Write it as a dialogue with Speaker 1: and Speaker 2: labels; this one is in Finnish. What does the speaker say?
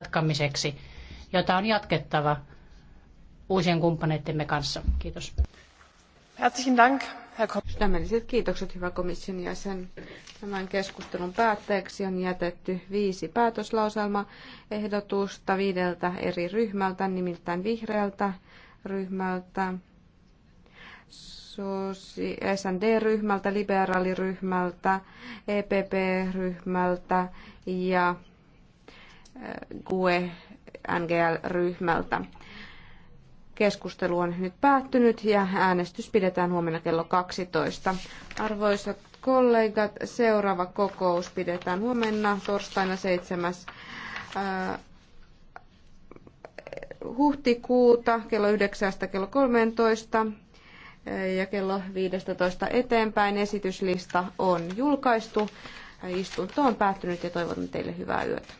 Speaker 1: jatkamiseksi, jota on jatkettava uusien kumppaneittemme kanssa.
Speaker 2: Kiitos. Herzlichen Dank, Herr Sydämelliset kiitokset, hyvä komission jäsen. Tämän keskustelun päätteeksi on jätetty viisi päätöslauselmaehdotusta viideltä eri ryhmältä, nimittäin vihreältä ryhmältä, SND-ryhmältä, liberaaliryhmältä, EPP-ryhmältä ja GUE NGL-ryhmältä. Keskustelu on nyt päättynyt ja äänestys pidetään huomenna kello 12. Arvoisat kollegat, seuraava kokous pidetään huomenna torstaina 7. Äh, huhtikuuta kello 9 kello 13 ja kello 15 eteenpäin. Esityslista on julkaistu. Istunto on päättynyt ja toivotan teille hyvää yötä.